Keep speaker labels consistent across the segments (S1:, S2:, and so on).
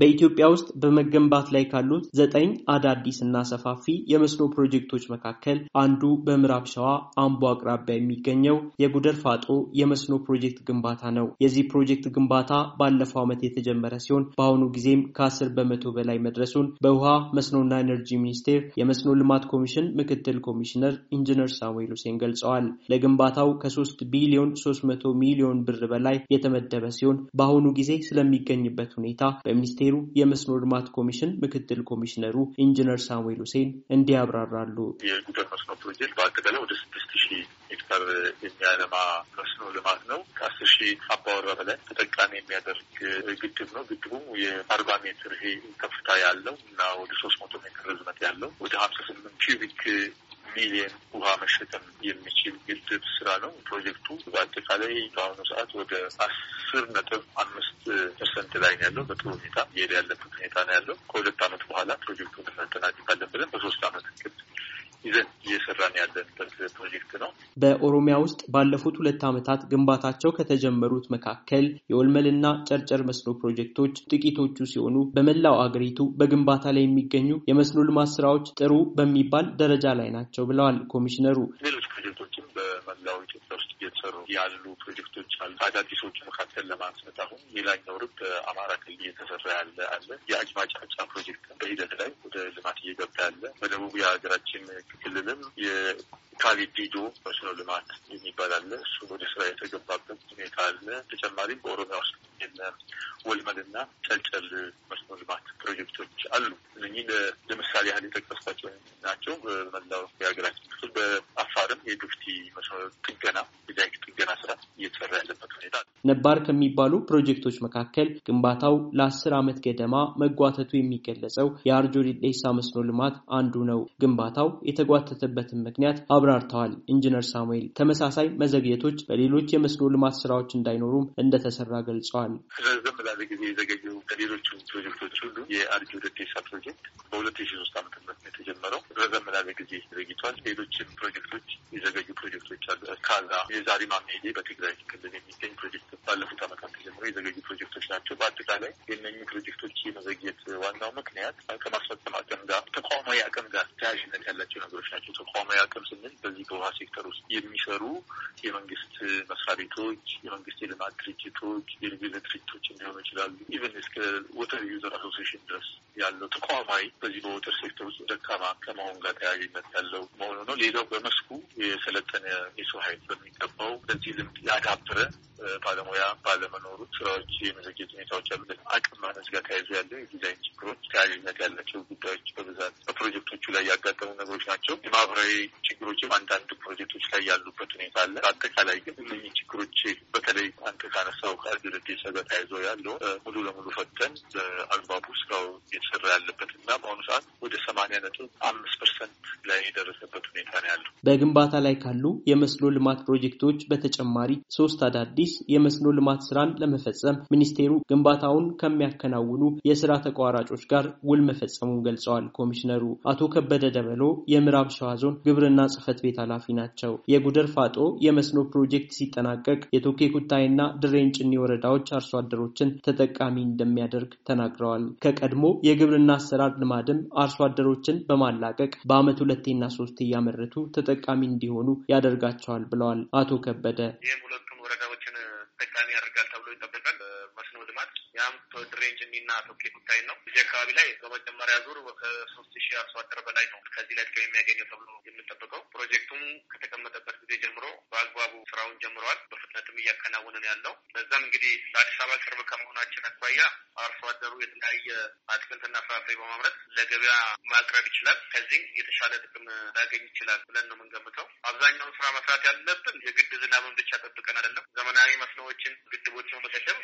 S1: በኢትዮጵያ ውስጥ በመገንባት ላይ ካሉት ዘጠኝ አዳዲስ እና ሰፋፊ የመስኖ ፕሮጀክቶች መካከል አንዱ በምዕራብ ሸዋ አምቦ አቅራቢያ የሚገኘው የጉደር ፋጦ የመስኖ ፕሮጀክት ግንባታ ነው። የዚህ ፕሮጀክት ግንባታ ባለፈው ዓመት የተጀመረ ሲሆን በአሁኑ ጊዜም ከአስር በመቶ በላይ መድረሱን በውሃ መስኖና ኤነርጂ ሚኒስቴር የመስኖ ልማት ኮሚሽን ምክትል ኮሚሽነር ኢንጂነር ሳሙኤል ሁሴን ገልጸዋል። ለግንባታው ከሶስት ቢሊዮን ሶስት መቶ ሚሊዮን ብር በላይ የተመደበ ሲሆን በአሁኑ ጊዜ ስለሚገኝበት ሁኔታ በሚኒስቴር በሚሉ የመስኖ ልማት ኮሚሽን ምክትል ኮሚሽነሩ ኢንጂነር ሳሙኤል ሁሴን እንዲያብራራሉ።
S2: የጉደር መስኖ ፕሮጀክት በአጠቃላይ ወደ ስድስት ሺ ሄክታር የሚያለማ መስኖ ልማት ነው። ከአስር ሺ አባወራ በላይ ተጠቃሚ የሚያደርግ ግድብ ነው። ግድቡም የአርባ ሜትር ከፍታ ያለው እና ወደ ሶስት መቶ ሜትር ርዝመት ያለው ወደ ሀምሳ ስምንት ኪዩቢክ ሚሊየን ውሃ መሸከም የሚችል ግድብ ስራ ነው። ፕሮጀክቱ በአጠቃላይ በአሁኑ ሰዓት ወደ አስር ነጥብ አምስት ፐርሰንት ላይ ነው ያለው። በጥሩ ሁኔታ እየሄደ ያለበት ሁኔታ ነው ያለው። ከሁለት አመት በኋላ ፕሮጀክቱን እናጠናቅቃለን ብለን በሶስት አመት ግብ ይዘን እየሰራን ያለንበት ፕሮጀክት ነው።
S1: በኦሮሚያ ውስጥ ባለፉት ሁለት ዓመታት ግንባታቸው ከተጀመሩት መካከል የወልመልና ጨርጨር መስኖ ፕሮጀክቶች ጥቂቶቹ ሲሆኑ በመላው አገሪቱ በግንባታ ላይ የሚገኙ የመስኖ ልማት ስራዎች ጥሩ በሚባል ደረጃ ላይ ናቸው ብለዋል ኮሚሽነሩ። ሌሎች ፕሮጀክቶች
S2: በመላው ኢትዮጵያ ውስጥ እየተሰሩ ያሉ ፕሮጀክቶች አሉ። አዳዲሶች መካከል ለማንሳት አሁን ሌላኛው ርብ በአማራ ክልል እየተሰራ ያለ አለ። የአጅማ ጫጫ ፕሮጀክት በሂደት ላይ ወደ ልማት እየገባ ያለ፣ በደቡብ የሀገራችን ክልልም የካሊዲዶ መስኖ ልማት የሚባል አለ። እሱ ወደ ስራ የተገባበት ሁኔታ አለ። ተጨማሪም በኦሮሚያ ውስጥ ወልመልና ጨልጨል መስኖ ልማት ፕሮጀክቶች አሉ። እነኚህ ለምሳሌ ያህል የጠቀስኳቸው ናቸው። በመላው የሀገራችን ክፍል አፋርም የዱፍቲ መስኖ ጥገና የዳይክ ጥገና ስራ እየተሰራ
S1: ያለበት ሁኔታ ነው። ነባር ከሚባሉ ፕሮጀክቶች መካከል ግንባታው ለአስር ዓመት ገደማ መጓተቱ የሚገለጸው የአርጆ ዲዴሳ መስኖ ልማት አንዱ ነው። ግንባታው የተጓተተበትን ምክንያት አብራርተዋል ኢንጂነር ሳሙኤል። ተመሳሳይ መዘግየቶች በሌሎች የመስኖ ልማት ስራዎች እንዳይኖሩም እንደተሰራ ገልጸዋል። ረዘም ላለ ጊዜ
S2: የዘገየው ከሌሎቹ ፕሮጀክቶች ሁሉ የአርጆ ዲዴሳ ፕሮጀክት በሁለት ሺ ሶስት ዓመተ ምህረት የተጀመረው። ረዘም ላለ ጊዜ ዘግይቷል። ሌሎችም ፕሮጀክቶች ፕሮጀክቶች የዘገዩ ፕሮጀክቶች አሉ። ካዛ የዛሪማ ሜዴ በትግራይ ክልል የሚገኝ ፕሮጀክት ባለፉት ዓመታት ተጀምሮ የዘገዩ ፕሮጀክቶች ናቸው። በአጠቃላይ የነኙ ፕሮጀክቶች የመዘግየት ዋናው ምክንያት ከማስፈጸም አቅም ጋር ተቋማዊ አቅም ጋር ተያያዥነት ያላቸው ነገሮች ናቸው። ተቋማዊ አቅም ስንል በዚህ በውሃ ሴክተር ውስጥ የሚሰሩ የመንግስት መስሪያ ቤቶች፣ የመንግስት የልማት ድርጅቶች፣ የግል ድርጅቶች እንዲሆኑ ይችላሉ። ኢቨን እስከ ወተር ዩዘር አሶሲሽን ድረስ ያለው ተቋማዊ በዚህ በወተር ሴክተር ውስጥ ደካማ ከመሆን ጋር ተያያዥነት ያለው መሆኑ ነው። ሌላው በመስኩ የሰለጠነ የሰው ኃይል በሚገባው ለዚህ ልምድ ያዳበረ ባለሙያ ባለመኖሩ ስራዎች የመዘግየት ሁኔታዎች አሉ። አቅም ማነስ ጋር ተያይዞ ያለ የዲዛይን ችግሮች ተያያዥነት ያላቸው ጉዳዮች በብዛት በፕሮጀክቶቹ ላይ ያጋጠሙ ነገሮች ናቸው። የማህበራዊ ችግሮችም አንዳንድ ፕሮጀክቶች ላይ ያሉበት ሁኔታ አለ። አጠቃላይ ግን እነኚህ ችግሮች በተለይ አንተ ካነሳው ከድርድሰ ጋር ተያይዞ ያለው ሙሉ ለሙሉ ፈተን በአግባቡ ስራው የተሰራ ያለበት እና በአሁኑ ሰዓት ወደ ሰማንያ ነጥብ አምስት ፐርሰንት ላይ የደረሰበት
S1: ሁኔታ ነው ያለው። በግንባታ ላይ ካሉ የመስኖ ልማት ፕሮጀክቶች በተጨማሪ ሶስት አዳዲስ የመስኖ ልማት ስራን ለመፈጸም ሚኒስቴሩ ግንባታውን ከሚያከናውኑ የስራ ተቋራጮች ጋር ውል መፈጸሙን ገልጸዋል። ኮሚሽነሩ አቶ ከበደ ደበሎ የምዕራብ ሸዋ ዞን ግብርና ጽህፈት ቤት ኃላፊ ናቸው። የጉደር ፋጦ የመስኖ ፕሮጀክት ሲጠናቀቅ የቶኬ ኩታይና ድሬን ጭኒ ወረዳዎች አርሶ አደሮችን ተጠቃሚ እንደሚያደርግ ተናግረዋል። ከቀድሞ የግብርና አሰራር ልማድም አርሶ አደሮችን በማላቀቅ በዓመት ሁለት ሁለቴና ሶስቴ እያመረቱ ተጠቃሚ እንዲሆኑ ያደርጋቸዋል ብለዋል አቶ ከበደ። ይህም ሁለቱም ወረዳዎችን ተጠቃሚ ያደርጋል ተብሎ ይጠበቃል። መስኖ ልማት ያም ድሬንጅኒና ቶኬ ጉዳይ ነው። እዚህ አካባቢ ላይ በመጀመሪያ ዙር ከሶስት ሺህ አርሶ አደር በላይ ነው ከዚህ ላይ የሚያገኘው ተብሎ የምጠበቀው ፕሮጀክቱም ከተቀመጠበት ጊዜ ጀምሮ በአግባቡ ስራውን ጀምረዋል።
S2: በፍጥነትም እያከናወነ ነው ያለው። በዛም እንግዲህ ለአዲስ አበባ ቅርብ ከመሆናችን አኳያ አርሶ አደሩ የተለያየ አትክልትና ፍራፍሬ በማምረት ለገበያ ማቅረብ ይችላል። ከዚህም የተሻለ ጥቅም ሊያገኝ ይችላል ብለን ነው የምንገምተው። አብዛኛውን ስራ መስራት ያለብን የግድ ዝናብን ብቻ ጠብቀን አይደለም። ዘመናዊ መስኖዎችን፣ ግድቦችን በመቀደም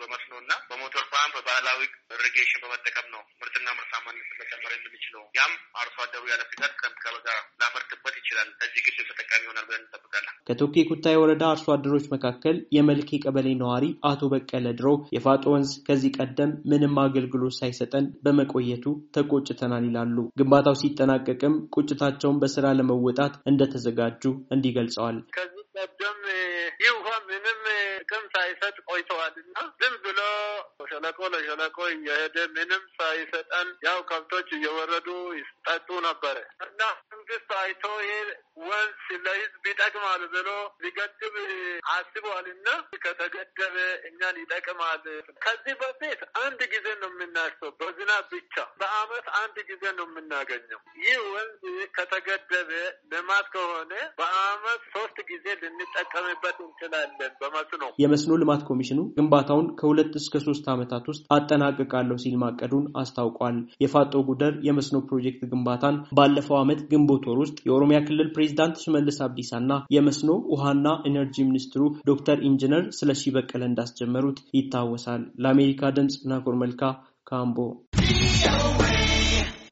S2: በመስኖና በሞተር ፓምፕ በባህላዊ ኢሪጌሽን በመጠቀም ነው ምርትና ምርታማነት መጨመር የምንችለው። ያም አርሶ አደሩ
S1: ያለ ስጋት ክረምት ከበጋ ላመርትበት ይችላል። ከዚህ ግድብ ተጠቃሚ ይሆናል ብለን እንጠብቃለን። ከቶኪ ኩታ ወረዳ አርሶ አደሮች መካከል የመልኬ ቀበሌ ነዋሪ አቶ በቀለ ድሮ የፋጦ ወንዝ ከዚህ ቀደም ምንም አገልግሎት ሳይሰጠን በመቆየቱ ተቆጭተናል ይላሉ። ግንባታው ሲጠናቀቅም ቁጭታቸውን በስራ ለመወጣት እንደተዘጋጁ እንዲህ ገልጸዋል። ከዚህ ቀደም ይው ምንም ጥቅም ሳይሰጥ
S2: ቆይተዋል እና ዝም ብሎ ሸለቆ ለሸለቆ እየሄደ ምንም ሳይሰጠን ያው ከብቶች እየወረዱ ይጠጡ ነበረ እና መንግስት አይቶ ይሄ ወንዝ ለህዝብ ይጠቅማል ብሎ ሊገድብ አስቧል ከተገደበ እኛን ይጠቅማል። ከዚህ በፊት አንድ ጊዜ ነው የምናርሰው በዝናብ ብቻ በአመት አንድ ጊዜ ነው የምናገኘው። ይህ ወንዝ ከተገደበ ልማት ከሆነ በአመት
S1: ሶስት ጊዜ ልንጠቀምበት እንችላለን። እናያለን በመስኖ የመስኖ ልማት ኮሚሽኑ ግንባታውን ከሁለት እስከ ሶስት ዓመታት ውስጥ አጠናቅቃለሁ ሲል ማቀዱን አስታውቋል። የፋጦ ጉደር የመስኖ ፕሮጀክት ግንባታን ባለፈው ዓመት ግንቦት ወር ውስጥ የኦሮሚያ ክልል ፕሬዚዳንት ሽመልስ አብዲሳና የመስኖ ውሃና ኢነርጂ ሚኒስትሩ ዶክተር ኢንጂነር ስለሺ በቀለ እንዳስጀመሩት ይታወሳል። ለአሜሪካ ድምፅ ናኮር መልካ ካምቦ